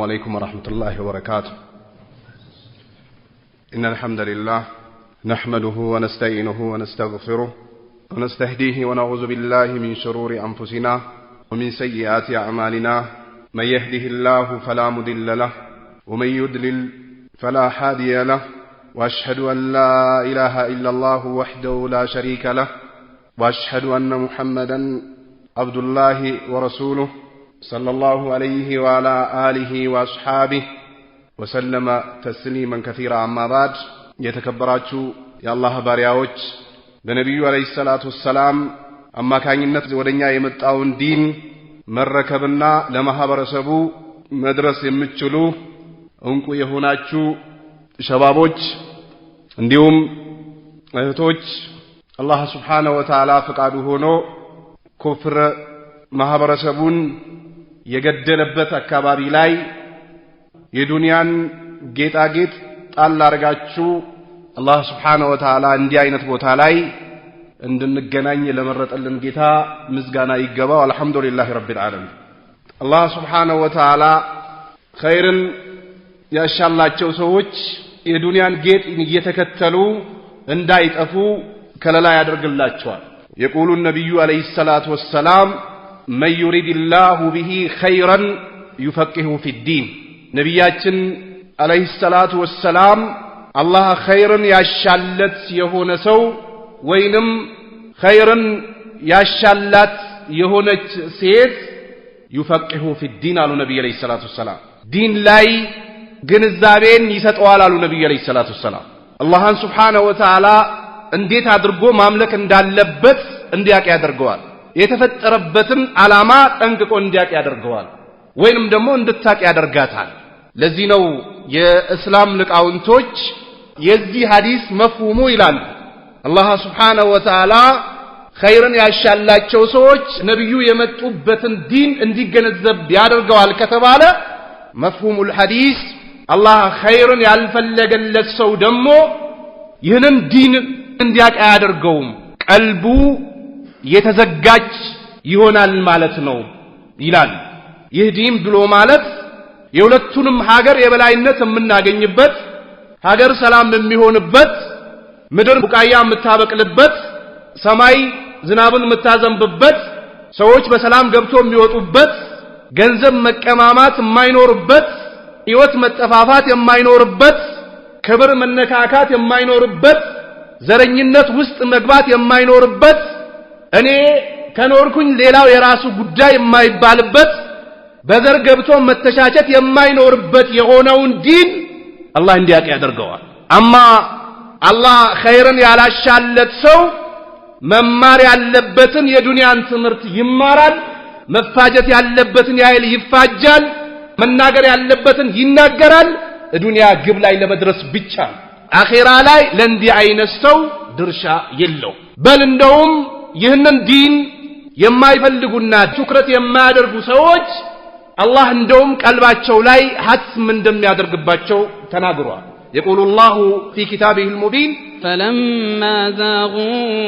السلام عليكم ورحمة الله وبركاته إن الحمد لله نحمده ونستعينه ونستغفره ونستهديه ونعوذ بالله من شرور أنفسنا ومن سيئات أعمالنا من يهده الله فلا مضل له ومن يدلل فلا حادي له وأشهد أن لا إله إلا الله وحده لا شريك له وأشهد أن محمدا عبد الله ورسوله صلى الله عليه وعلى آله وأصحابه وسلم تسليما كثيرا عما بعد يتكبرات يا الله بارياوج النبي عليه الصلاة والسلام أما كان ينت ورنيا يمتعون دين مركبنا لما هبرسبو مدرس يمتشلو أنكو يهوناتشو شبابوج عندهم أهتوج الله سبحانه وتعالى فقعدو هونو كفر ما هبرسبون የገደለበት አካባቢ ላይ የዱንያን ጌጣጌጥ ጣል አርጋችሁ አላህ ስብሓነ ወተዓላ እንዲህ አይነት ቦታ ላይ እንድንገናኝ ለመረጠልን ጌታ ምዝጋና ይገባው። አልሐምዱሊላህ ረቢል ዓለሚን። አላህ ስብሓነ ወተዓላ ኸይርን ያሻላቸው ሰዎች የዱንያን ጌጥ እየተከተሉ እንዳይጠፉ ከለላ ያደርግላቸዋል። የቁሉ ነቢዩ ዓለይሂ ሰላቱ ወሰላም መን ዩሪድ ላሁ ብሂ ኸይረን ዩፈቂሁ ፊዲን። ነቢያችን ዓለይሂ ሰላቱ ወሰላም አላህ ኸይርን ያሻለት የሆነ ሰው ወይንም ኸይርን ያሻላት የሆነች ሴት ዩፈቂሁ ፊዲን አሉ ነቢይ ዓለይሂ ሰላቱ ወሰላም። ዲን ላይ ግንዛቤን ይሰጠዋል አሉ ነቢይ ዓለይሂ ሰላቱ ወሰላም። አላህን ሱብሓነሁ ወተዓላ እንዴት አድርጎ ማምለክ እንዳለበት እንዲያውቅ ያደርገዋል። የተፈጠረበትን ዓላማ ጠንቅቆ እንዲያቅ ያደርገዋል፣ ወይንም ደግሞ እንድታቅ ያደርጋታል። ለዚህ ነው የእስላም ልቃውንቶች የዚህ ሐዲስ መፍሁሙ ይላሉ አላህ ስብሓነሁ ወተዓላ ኸይርን ያሻላቸው ሰዎች ነቢዩ የመጡበትን ዲን እንዲገነዘብ ያደርገዋል ከተባለ መፍሁሙል ሐዲስ አላህ ኸይርን ያልፈለገለት ሰው ደግሞ ይህንን ዲን እንዲያቅ አያደርገውም። ቀልቡ የተዘጋጅ ይሆናል ማለት ነው ይላል። ይህ ዲም ብሎ ማለት የሁለቱንም ሀገር የበላይነት የምናገኝበት ሀገር ሰላም የሚሆንበት ምድር ቡቃያ የምታበቅልበት ሰማይ ዝናብን የምታዘንብበት ሰዎች በሰላም ገብቶ የሚወጡበት ገንዘብ መቀማማት የማይኖርበት ሕይወት መጠፋፋት የማይኖርበት ክብር መነካካት የማይኖርበት ዘረኝነት ውስጥ መግባት የማይኖርበት እኔ ከኖርኩኝ ሌላው የራሱ ጉዳይ የማይባልበት በዘር ገብቶ መተቻቸት የማይኖርበት የሆነውን ዲን አላህ እንዲያውቅ ያደርገዋል። አማ አላህ ኸይርን ያላሻለት ሰው መማር ያለበትን የዱንያን ትምህርት ይማራል፣ መፋጀት ያለበትን ያህል ይፋጃል፣ መናገር ያለበትን ይናገራል። ዱንያ ግብ ላይ ለመድረስ ብቻ አኼራ ላይ ለእንዲህ አይነት ሰው ድርሻ የለው። በል እንደውም يما ይህንን ዲን የማይፈልጉና ትኩረት የማያደርጉ ሰዎች حتى من دم ላይ ሐትም شو تناغروا يقول الله في كتابه المبين فلما زاغوا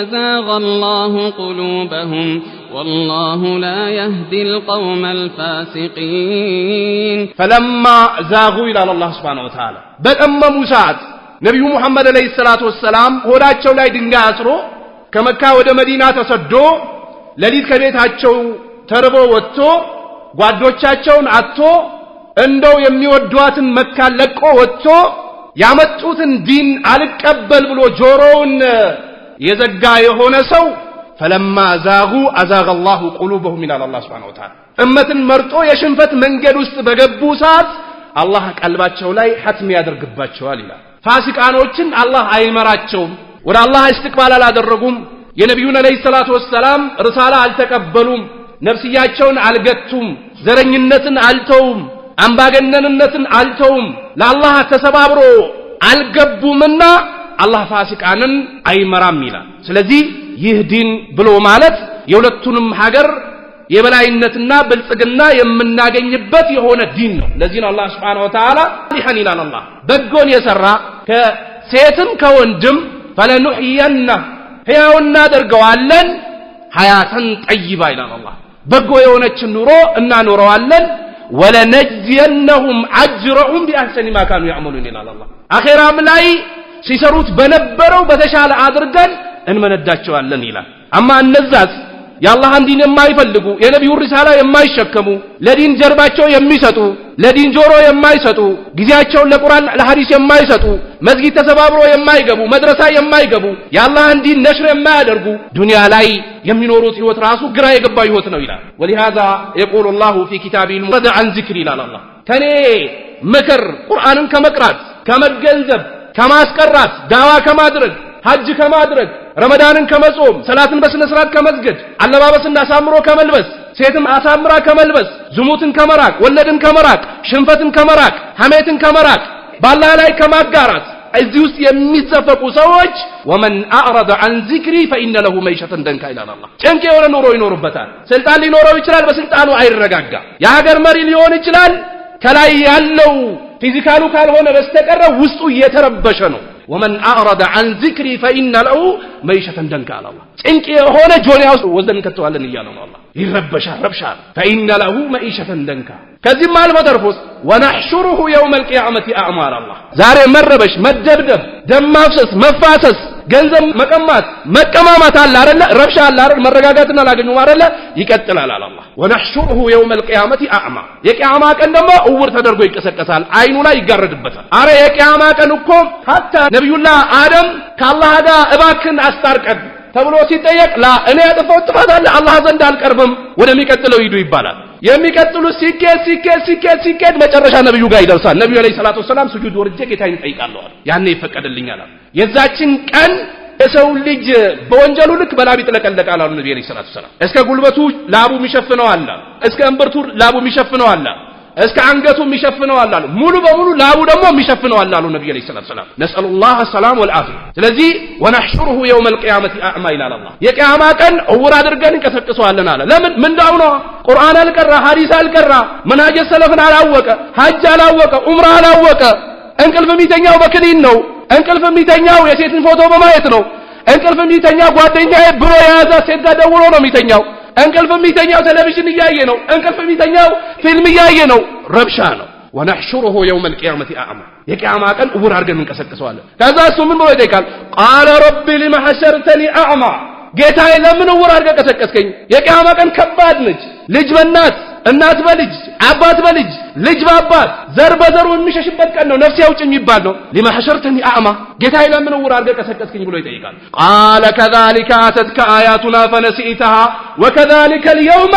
أزاغ الله قلوبهم والله لا يهدي القوم الفاسقين فلما زاغوا إلى الله سبحانه وتعالى بل أما مساعد نبي محمد عليه الصلاة والسلام هو لا تشولاي دنجا ከመካ ወደ መዲና ተሰዶ ሌሊት ከቤታቸው ተርቦ ወጥቶ ጓዶቻቸውን አጥቶ እንደው የሚወዷትን መካ ለቆ ወጥቶ ያመጡትን ዲን አልቀበል ብሎ ጆሮውን የዘጋ የሆነ ሰው ፈለማ ዛጉ አዛገ አላሁ ቁሉበሁም ይላል አላ ሱብሓነሁ ወተዓላ። እመትን መርጦ የሽንፈት መንገድ ውስጥ በገቡ ሰዓት አላህ ቀልባቸው ላይ ሐትም ያደርግባቸዋል ይላል። ፋሲቃኖችን አላህ አይመራቸውም። ወደ አላህ እስትቅባል አላደረጉም። የነቢዩን ዓለይሂ ሰላቱ ወሰላም ርሳላ አልተቀበሉም። ነፍስያቸውን አልገቱም። ዘረኝነትን አልተውም። አምባገነንነትን አልተውም። ለአላህ ተሰባብሮ አልገቡምና አላህ ፋሲቃንን አይመራም ይላል። ስለዚህ ይህ ዲን ብሎ ማለት የሁለቱንም ሀገር የበላይነትና ብልጽግና የምናገኝበት የሆነ ዲን ነው። ለዚህ ነው አላህ ሱብሓነሁ ወተዓላ ይላል አላህ በጎን የሰራ ከሴትም ከወንድም ፈለኑሕየና ሕያው እናደርገዋለን ሀያተን ጠይባ ይላል አላ በጎ የሆነችን ኑሮ እናኖረዋለን ወለነጅየነሁም አጅረሁም ቢአሕሰኒ ማ ካኑ ያዕመሉን ይላል አላ አኼራም ላይ ሲሰሩት በነበረው በተሻለ አድርገን እንመነዳቸዋለን ይላል አማ እነዛስ የአላህን ዲን የማይፈልጉ የነቢዩን ሪሳላ የማይሸከሙ ለዲን ጀርባቸው የሚሰጡ ለዲን ጆሮ የማይሰጡ ጊዜያቸውን ለቁርአን ለሐዲስ የማይሰጡ መስጊድ ተሰባብሮ የማይገቡ መድረሳ የማይገቡ የአላህን ዲን ነሽር የማያደርጉ ዱንያ ላይ የሚኖሩት ህይወት ራሱ ግራ የገባ ህይወት ነው ይላል። ወሊሃዛ የቁሉ ላሁ ፊ ኪታቢሂል ሙፈረድ አን ዚክር ይላል አላህ ከኔ ምክር ቁርአንን ከመቅራት ከመገንዘብ ከማስቀራት ዳዋ ከማድረግ ሐጅ ከማድረግ ረመዳንን ከመጾም ሰላትን በስነ ስርዓት ከመስገድ አለባበስን አሳምሮ ከመልበስ ሴትም አሳምራ ከመልበስ ዝሙትን ከመራቅ ወለድን ከመራቅ ሽንፈትን ከመራቅ ሐሜትን ከመራቅ ባላህ ላይ ከማጋራት እዚህ ውስጥ የሚዘፈቁ ሰዎች ወመን አዕረደ አን ዚክሪ ፈኢነ ለሁ መይሸተን ደንካ ይላል አላህ። ጭንቅ የሆነ ኑሮ ይኖርበታል። ስልጣን ሊኖረው ይችላል፣ በስልጣኑ አይረጋጋ። የሀገር መሪ ሊሆን ይችላል፣ ከላይ ያለው ፊዚካሉ ካልሆነ በስተቀረ ውስጡ እየተረበሸ ነው። ወመን አዕረደ አን ዚክሪ ፈኢነ ለሁ መይሸተን ደንካ አለ አላ ጭንቅ የሆነ ጆንያ ውስጥ ወስደን እንከተዋለን እያለ ነው አላ ይረበሻል ረብሻል ፈኢነ ለሁ መይሸተን ደንካ ከዚህም አልፎ ተርፎስ ወናሕሹሩሁ የውመ ልቅያመቲ አዕማር አላ ዛሬ መረበሽ መደብደብ ደም ማፍሰስ መፋሰስ ገንዘብ መቀማት መቀማማት አለ አይደለ? ረብሻ አለ አይደል? መረጋጋትን አላገኙም አይደለ? ይቀጥላል አለ አላህ። ወነሕሹሩሁ የውመል ቂያመቲ አዕማ። የቂያማ ቀን ደግሞ እውር ተደርጎ ይቀሰቀሳል፣ አይኑ ላይ ይጋረድበታል። አረ የቂያማ ቀን እኮ ሀታ ነቢዩላህ አደም ከአላህ ጋር እባክን አስታርቀን ተብሎ ሲጠየቅ ላ እኔ ያጠፋሁት ጥፋት አለ አላህ ዘንድ አልቀርብም ወደሚቀጥለው ሂዱ ይባላል። የሚቀጥሉት ሲኬድ ሲኬድ ሲኬድ ሲኬድ መጨረሻ ነብዩ ጋር ይደርሳል። ነብዩ አለይሂ ሰላቱ ወሰላም ስጁድ ወርጄ ጌታዬን እጠይቃለሁ አሉ። ያኔ ይፈቀድልኛል አሉ። የዛችን ቀን የሰው ልጅ በወንጀሉ ልክ በላብ ይጥለቀለቃል አሉ ነብዩ አለይሂ ሰላቱ ወሰላም። እስከ ጉልበቱ ላቡ የሚሸፍነው አለ፣ እስከ እምብርቱ ላቡ የሚሸፍነው አለ እስከ አንገቱ ይሸፍነዋል አሉ። ሙሉ በሙሉ ላቡ ደግሞ የሚሸፍነዋል አሉ ነብዩ አለይሂ ሰላቱ ሰላም። ነስአሉላህ ሰላም ወልዓፊያ። ስለዚህ ወነሕሹሩሁ የውመል ቂያመቲ አዕማ ይላል አላህ። የቂያማ ቀን እውር አድርገን እንቀሰቅሰዋለን አለ። ለምን ምንዳው ነው? ቁርአን አልቀራ፣ ሐዲስ አልቀራ፣ መናጀ ሰለፍን አላወቀ፣ ሐጅ አላወቀ፣ ዑምራ አላወቀ። እንቅልፍ የሚተኛው በክኒን ነው። እንቅልፍ የሚተኛው የሴትን ፎቶ በማየት ነው። እንቅልፍ የሚተኛው ጓደኛዬ ብሎ የያዛት ሴት ጋር ደውሎ ነው የሚተኛው። እንቅልፍ የሚተኛው ቴሌቪዥን እያየ ነው። እንቅልፍ የሚተኛው ፊልም እያየ ነው። ረብሻ ነው። ወነሕሹሩሁ የውመ ልቅያመት አዕማ የቅያማ ቀን እውር አድርገን እንቀሰቅሰዋለን። ከዛ እሱ ምን ብሎ ይጠይቃል? ቃለ ረቢ ሊመ ሐሸርተኒ አዕማ ጌታዬ ለምን እውር አድርገህ ቀሰቀስከኝ? የቅያማ ቀን ከባድ ነች። ልጅ በናት እናት በልጅ አባት በልጅ ልጅ በአባት ዘር በዘሩ የሚሸሽበት ቀን ነው። ነፍሴ አውጭ የሚባል ነው። ሊማ አዕማ ጌታዬ ለምን ዕውር አድርገህ ቀሰቀስክኝ ብሎ ይጠይቃል። ቃለ ከዛሊከ አተትከ አያቱና ፈነሲኢተሃ ወከዛሊከ ልየውመ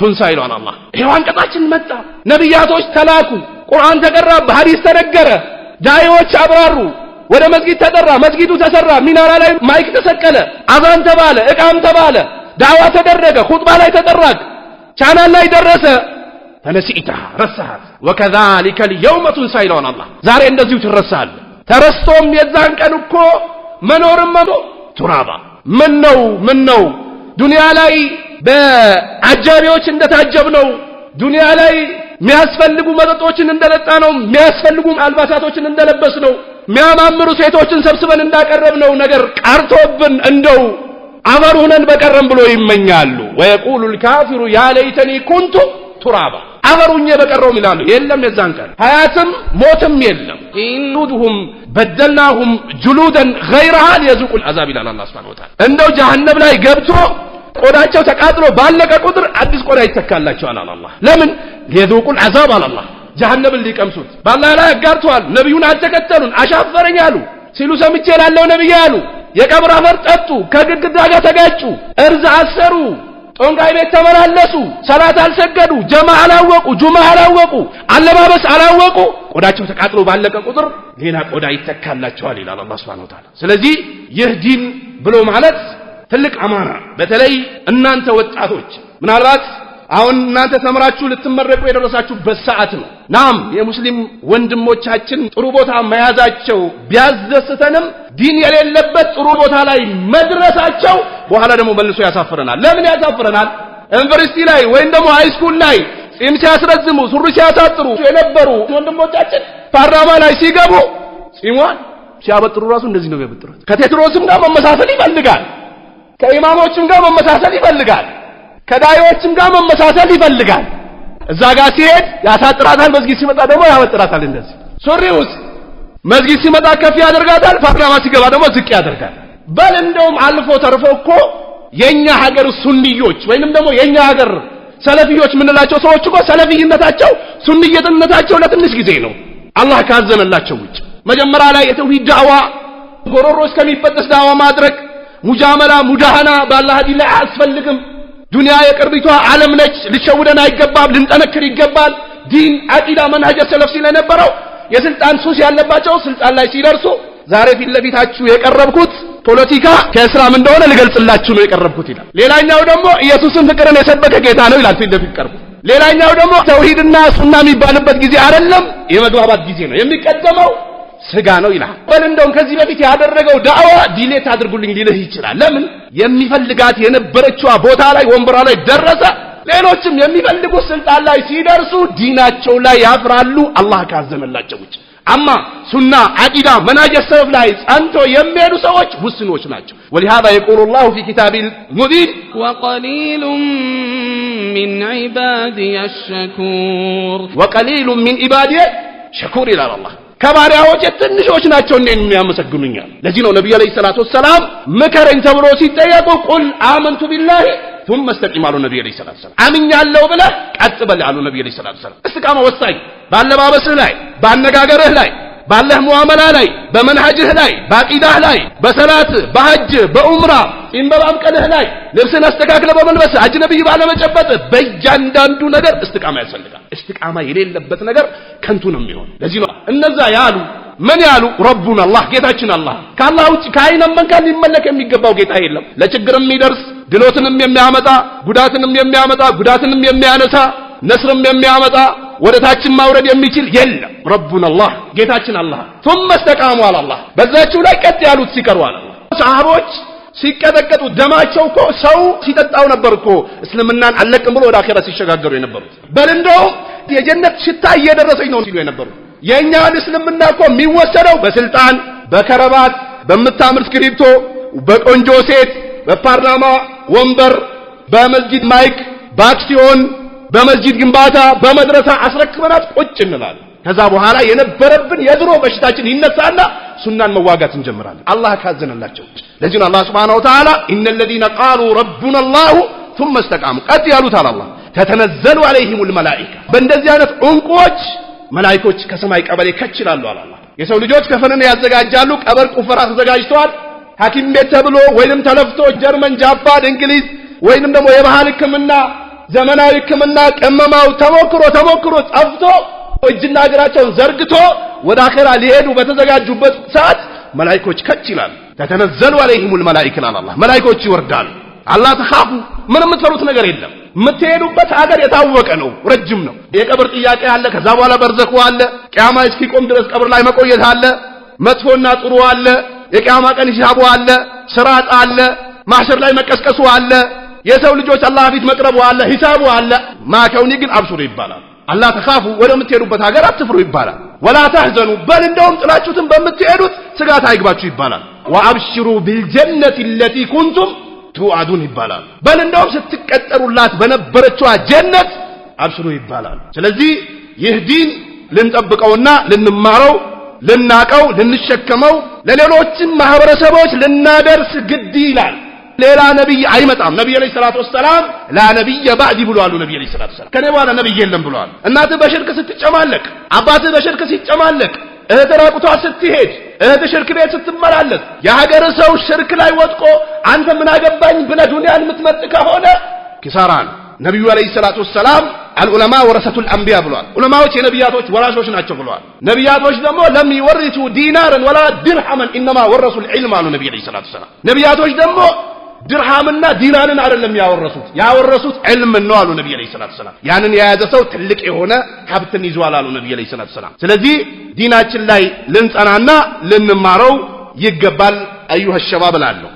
ቱንሳ ይሏል አላህ። ይኸው አንቀጻችን መጣ። ነቢያቶች ተላኩ፣ ቁርአን ተቀራ፣ ሐዲስ ተነገረ፣ ዳዒዎች አብራሩ፣ ወደ መስጊድ ተጠራ፣ መስጊዱ ተሰራ፣ ሚናራ ላይ ማይክ ተሰቀለ፣ አዛን ተባለ፣ ዕቃም ተባለ፣ ዳዕዋ ተደረገ፣ ኹጥባ ላይ ተጠራክ ቻናል ላይ ደረሰ ፈነሲኢታ ረሳሃት ወከዛሊከ ልየውመ ቱንሳ ይለዋል አላህ ዛሬ እንደዚሁ ትረሳል ተረስቶም የዛን ቀን እኮ መኖርም መቶ ቱራባ ምን ነው ምን ነው ዱንያ ላይ በአጃቢዎች እንደታጀብ ነው ዱንያ ላይ የሚያስፈልጉ መጠጦችን እንደጠጣ ነው የሚያስፈልጉ አልባሳቶችን እንደለበስ ነው የሚያማምሩ ሴቶችን ሰብስበን እንዳቀረብ ነው ነገር ቀርቶብን እንደው አፈር ሁነን በቀረም ብሎ ይመኛሉ ወየቁሉ ልካፊሩ ያ ለይተኒ ኩንቱ ቱራባ አፈሩኜ በቀረውም ይላሉ። የለም የዛን ቀን ሀያትም ሞትም የለም። ኢንዱድሁም በደልናሁም ጅሉደን ገይረሃ ሊየዙቁል አዛብ ይላል አላህ ሱብሓነሁ ወተዓላ። እንደው ጀሀነም ላይ ገብቶ ቆዳቸው ተቃጥሎ ባለቀ ቁጥር አዲስ ቆዳ ይተካላቸዋል አለ አላህ። ለምን ሊየዙቁል አዛብ አለ አላህ። ጀሀነምን ሊቀምሱት በአላህ ላይ አጋርተዋል። ነቢዩን አልተከተሉን አሻፈረኝ አሉ ሲሉ ሰምቼ ላለው ነቢይ አሉ። የቀብር አፈር ጠጡ፣ ከግድግዳ ጋር ተጋጩ፣ እርዝ አሰሩ ጦንጋይ ቤት ተመላለሱ፣ ሰላት አልሰገዱ፣ ጀማ አላወቁ፣ ጁማ አላወቁ፣ አለባበስ አላወቁ። ቆዳቸው ተቃጥሎ ባለቀ ቁጥር ሌላ ቆዳ ይተካላቸዋል ይላል አላህ ሱብሓነሁ ወተዓላ። ስለዚህ ይህ ዲን ብሎ ማለት ትልቅ አማና፣ በተለይ እናንተ ወጣቶች ምናልባት አሁን እናንተ ተምራችሁ ልትመረቁ የደረሳችሁበት ሰዓት ነው። ናም የሙስሊም ወንድሞቻችን ጥሩ ቦታ መያዛቸው ቢያስደስተንም ዲን የሌለበት ጥሩ ቦታ ላይ መድረሳቸው በኋላ ደግሞ መልሶ ያሳፍረናል። ለምን ያሳፍረናል? ዩኒቨርሲቲ ላይ ወይም ደግሞ ሃይስኩል ላይ ጺም ሲያስረዝሙ ሱሪ ሲያሳጥሩ የነበሩ ወንድሞቻችን ፓርላማ ላይ ሲገቡ ጺሟን ሲያበጥሩ ራሱ እንደዚህ ነው የሚያበጥሩት። ከቴዎድሮስም ጋር መመሳሰል ይፈልጋል። ከኢማሞችም ጋር መመሳሰል ይፈልጋል። ከዳዮችም ጋር መመሳሰል ይፈልጋል። እዛ ጋር ሲሄድ ያሳጥራታል፣ መስጊድ ሲመጣ ደግሞ ያበጥራታል። እንደዚህ ሱሪ ውስጥ መስጊድ ሲመጣ ከፍ ያደርጋታል፣ ፓርላማ ሲገባ ደግሞ ዝቅ ያደርጋል። በል እንደውም አልፎ ተርፎ እኮ የኛ ሀገር ሱንዮች ወይንም ደግሞ የኛ ሀገር ሰለፊዮች የምንላቸው ሰዎች እኮ ሰለፊይነታቸው ሱንየትነታቸው ለትንሽ ጊዜ ነው፣ አላህ ካዘነላቸው ውጭ። መጀመሪያ ላይ የተውሂድ ዳዋ ጎሮሮ እስከሚፈጠስ ዳዋ ማድረግ ሙጃመላ ሙዳሃና በአላህ ዲን ላይ አያስፈልግም። ዱንያ የቅርቢቷ ዓለም ነች። ልሸውደን አይገባም። ልንጠነክር ይገባል። ዲን፣ አቂዳ፣ መንሀጀ ሰለፍ የነበረው የስልጣን ሱስ ያለባቸው ስልጣን ላይ ሲደርሱ ዛሬ ፊት ለፊታችሁ የቀረብኩት ፖለቲካ ከእስላም እንደሆነ ልገልጽላችሁ ነው የቀረብኩት ይላል። ሌላኛው ደግሞ ኢየሱስን ፍቅርን የሰበከ ጌታ ነው ይላል ፊት ለፊት ቀርቡ። ሌላኛው ደግሞ ተውሂድና ሱና የሚባልበት ጊዜ አይደለም፣ የመግባባት ጊዜ ነው የሚቀደመው ስጋ ነው ይላል። በል እንደውም ከዚህ በፊት ያደረገው ዳዕዋ ዲሌት አድርጉልኝ ሊልህ ይችላል። ለምን የሚፈልጋት የነበረችዋ ቦታ ላይ ወንበሯ ላይ ደረሰ። ሌሎችም የሚፈልጉት ስልጣን ላይ ሲደርሱ ዲናቸው ላይ ያፍራሉ፣ አላህ ካዘነላቸው ውጭ። አማ ሱና፣ አቂዳ፣ መናጀር ሰበብ ላይ ጸንቶ የሚሄዱ ሰዎች ውስኖች ናቸው። ወሊሃዛ የቁሉ ላሁ ፊ ኪታቢል ሙቢን ወቀሊሉም ሚን ዒባዲየ ሸኩር ወቀሊሉም ሚን ዒባዲየ ሸኩር ይላል አላህ ከባሪያዎች ትንሾች ናቸው እኔን የሚያመሰግኑኛል። ለዚህ ነው ነቢዩ ዓለይሂ ሰላቱ ወሰላም ምከረኝ ተብሎ ሲጠየቁ ቁል አመንቱ ቢላሂ ቱመ እስተቂም አሉ ነቢዩ ዓለይሂ ሰላቱ ወሰላም። አምኛለሁ ብለህ ቀጥ በል አሉ ነቢዩ ዓለይሂ ሰላቱ ወሰላም። እስትቃማ ወሳኝ፣ በአለባበስህ ላይ፣ በአነጋገርህ ላይ ባለህ ሙዓመላ ላይ፣ በመንሃጅህ ላይ፣ በአቂዳህ ላይ፣ በሰላት፣ በሐጅ፣ በኡምራ ጢም በማብቀልህ ላይ፣ ልብስን አስተካክለ በመልበስ አጅነቢይ ባለመጨበጥ፣ በእያንዳንዱ ነገር እስትቃማ ያስፈልጋል። እስትቃማ የሌለበት ነገር ከንቱ ነው የሚሆን። ለዚህ ነው እነዛ ያሉ ምን ያሉ ረቡን አላህ ጌታችን አላህ ከአላህ ውጭ ከአይነ መንካን ሊመለክ የሚገባው ጌታ የለም። ለችግር የሚደርስ ድሎትንም የሚያመጣ ጉዳትንም የሚያመጣ ጉዳትንም የሚያነሳ ነስርም የሚያመጣ ወደ ታችን ማውረድ የሚችል የለም። ረቡን አላህ ጌታችን አላህ ቱመ ስተቃሙ አላህ በዛችው ላይ ቀጥ ያሉት ሲቀሩ አለ ሰሃቦች ሲቀጠቀጡ ደማቸው እኮ ሰው ሲጠጣው ነበር እኮ እስልምናን አለቅም ብሎ ወደ አኼራ ሲሸጋገሩ የነበሩት። በል እንደውም የጀነት ሽታ እየደረሰኝ ነው ሲሉ የነበሩ የእኛን እስልምና እኮ የሚወሰደው በስልጣን፣ በከረባት፣ በምታምር እስክሪብቶ፣ በቆንጆ ሴት፣ በፓርላማ ወንበር፣ በመስጊድ ማይክ፣ በአክሲዮን በመስጂድ ግንባታ በመድረሳ አስረክበናት ቁጭ እንላለን። ከዛ በኋላ የነበረብን የድሮ በሽታችን ይነሳና ሱናን መዋጋት እንጀምራለን። አላህ ካዘነላቸው። ለዚህ ነው አላህ Subhanahu Wa Ta'ala innal ቃሉ ረቡና አላሁ Allah thumma istaqamu ቀጥ ያሉት አላህ ተተነዘሉ አለይሂሙል መላኢካ በእንደዚህ አይነት እንቁዎች መላኢኮች ከሰማይ ቀበሌ ከች ይላሉ አላህ። የሰው ልጆች ከፈንን ያዘጋጃሉ። ቀበር ቁፈራ ተዘጋጅተዋል። ሐኪም ቤት ተብሎ ወይንም ተለፍቶ ጀርመን፣ ጃፓን፣ እንግሊዝ ወይንም ደግሞ የባህል ሕክምና ዘመናዊ ሕክምና ቀመማው ተሞክሮ ተሞክሮ ጠፍቶ እጅና እግራቸውን ዘርግቶ ወደ አኼራ ሊሄዱ በተዘጋጁበት ሰዓት መላኢኮች ከች ይላል። ተተነዘሉ አለይሂሙል መላኢክ ይላል አላህ። መላኢኮች ይወርዳሉ። አላህ ተኻፉ፣ ምን የምትፈሩት ነገር የለም። የምትሄዱበት ሀገር የታወቀ ነው፣ ረጅም ነው። የቀብር ጥያቄ አለ። ከዛ በኋላ በርዘኩ አለ። ቂያማ እስኪቆም ድረስ ቀብር ላይ መቆየት አለ። መጥፎና ጥሩ አለ። የቂያማ ቀን ሂሳቡ አለ። ስራጥ አለ። ማህሸር ላይ መቀስቀሱ አለ። የሰው ልጆች አላህ ፊት መቅረቡ አለ፣ ሂሳቡ አለ። ማከውኒ ግን አብሽሩ ይባላል። አላህ ተካፉ ወደምትሄዱበት ሀገር አትፍሩ ይባላል። ወላ ተህዘኑ በል እንደውም ጥላችሁትን በምትሄዱት ስጋት አይግባችሁ ይባላል። ወአብሽሩ ቢልጀነት ለቲ ኩንቱም ትውዓዱን ይባላል። በል እንደውም ስትቀጠሩላት በነበረችዋ ጀነት አብሽሩ ይባላል። ስለዚህ ይህ ዲን ልንጠብቀውና ልንማረው ልናቀው ልንሸከመው ለሌሎችም ማህበረሰቦች ልናደርስ ግድ ይላል። لا نبي أي متام نبي عليه الصلاة والسلام لا نبي بعد بلوا نبي عليه الصلاة والسلام كان يبغى نبي جل بلوا أن بشر كسيت جمالك عباد بشر كسيت جمالك إذا ترى كتوع ستيهج إذا تشرك بيت ستمر علت يا هاجر سو الشرك لا يوثقوا أنت من هاجر بين بلا دنيا المتمتكة هنا كساران نبي عليه الصلاة والسلام العلماء ورثة الأنبياء بلوان علماء وشي نبيات وش وراش وش ناتشو بلوان نبيات وش دمو لم يورثوا دينارا ولا درحما إنما ورثوا العلم على نبي عليه الصلاة والسلام نبيات وش دمو ድርሃምና ዲናንን አይደለም ያወረሱት ያወረሱት ዕልምን ነው አሉ ነብዩ አለይሂ ሰላቱ ሰላም። ያንን የያዘ ሰው ትልቅ የሆነ ሀብትን ይዟል አሉ ነብዩ አለይሂ ሰላቱ ሰላም። ስለዚህ ዲናችን ላይ ልንጸናና ልንማረው ይገባል። አዩሃ ሸባብ እላለሁ።